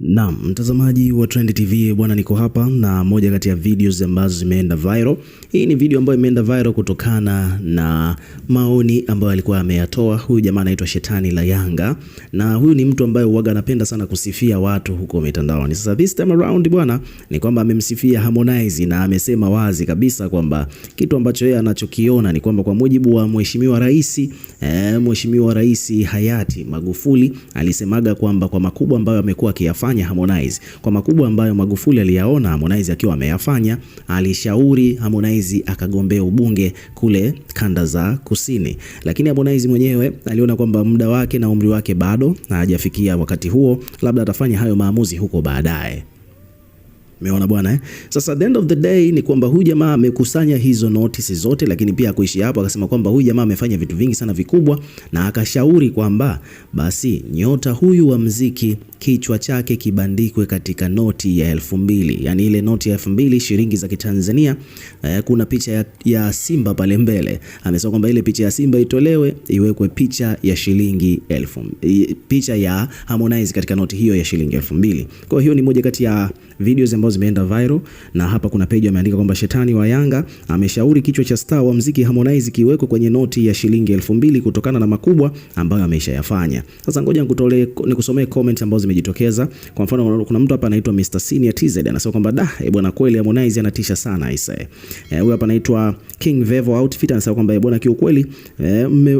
Naam, mtazamaji wa Trend TV bwana, niko hapa na moja kati ya videos ambazo zimeenda viral. Hii ni video ambayo imeenda viral kutokana na maoni ambayo alikuwa ameyatoa huyu jamaa anaitwa Shetani la Yanga, na huyu ni mtu ambaye huaga anapenda sana kusifia watu huko mitandaoni. Sasa this time around bwana, ni kwamba amemsifia Harmonize na amesema wazi kabisa kwamba kitu ambacho yeye anachokiona ni kwamba kwa mujibu wa mheshimiwa rais eh, mheshimiwa rais hayati Magufuli alisemaga kwamba kwa makubwa ambayo amekuwa akiyafanya aliyofanya Harmonize, kwa makubwa ambayo Magufuli aliyaona Harmonize akiwa ameyafanya, alishauri Harmonize akagombea ubunge kule kanda za kusini, lakini Harmonize mwenyewe aliona kwamba muda wake na umri wake bado hajafikia wakati huo, labda atafanya hayo maamuzi huko baadaye. Meona bwana eh? Sasa the end of the day ni kwamba huyu jamaa amekusanya hizo notisi zote, lakini pia kuishi hapo, akasema kwamba huyu jamaa amefanya vitu vingi sana vikubwa, na akashauri kwamba basi nyota huyu wa mziki kichwa chake kibandikwe katika noti ya elfu mbili yani ile noti ya elfu mbili shilingi za Kitanzania. Eh, kuna picha ya, ya simba pale mbele. Amesema kwamba ile picha ya simba itolewe iwekwe picha ya shilingi elfu, picha ya Harmonize katika noti hiyo ya shilingi elfu mbili. Kwa hiyo ni moja kati ya videos ambazo zimeenda viral, na hapa kuna page ameandika kwamba shetani wa Yanga ameshauri kichwa cha star wa mziki Harmonize kiwekwe kwenye noti ya shilingi elfu mbili kutokana na makubwa ambayo ameshayafanya. Sasa ngoja nikutolee, nikusomee comment ambazo zimejitokeza. Kwa mfano kuna mtu hapa anaitwa Mr Senior TZ anasema kwamba da, e eh, bwana, kweli Harmonize anatisha sana ise. Eh, huyu hapa anaitwa King Vevo Outfit anasema kwamba e bwana, kiukweli e, mme...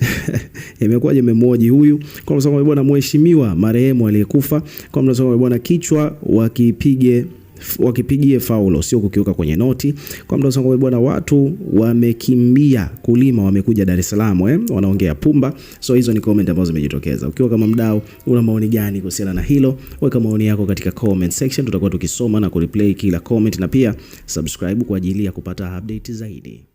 imekuwaje memoji huyu kwa wa bwana mheshimiwa marehemu aliyekufa kwa wa bwana kichwa wakipige wakipigie faulo sio kukiuka kwenye noti. Kwa mtu usongo bwana, watu wamekimbia kulima wamekuja Dar es Salaam eh, wanaongea pumba. So hizo ni comment ambazo zimejitokeza. Ukiwa kama mdau, una maoni gani kuhusiana na hilo? Weka maoni yako katika comment section, tutakuwa tukisoma na kureplay kila comment, na pia subscribe kwa ajili ya kupata update zaidi.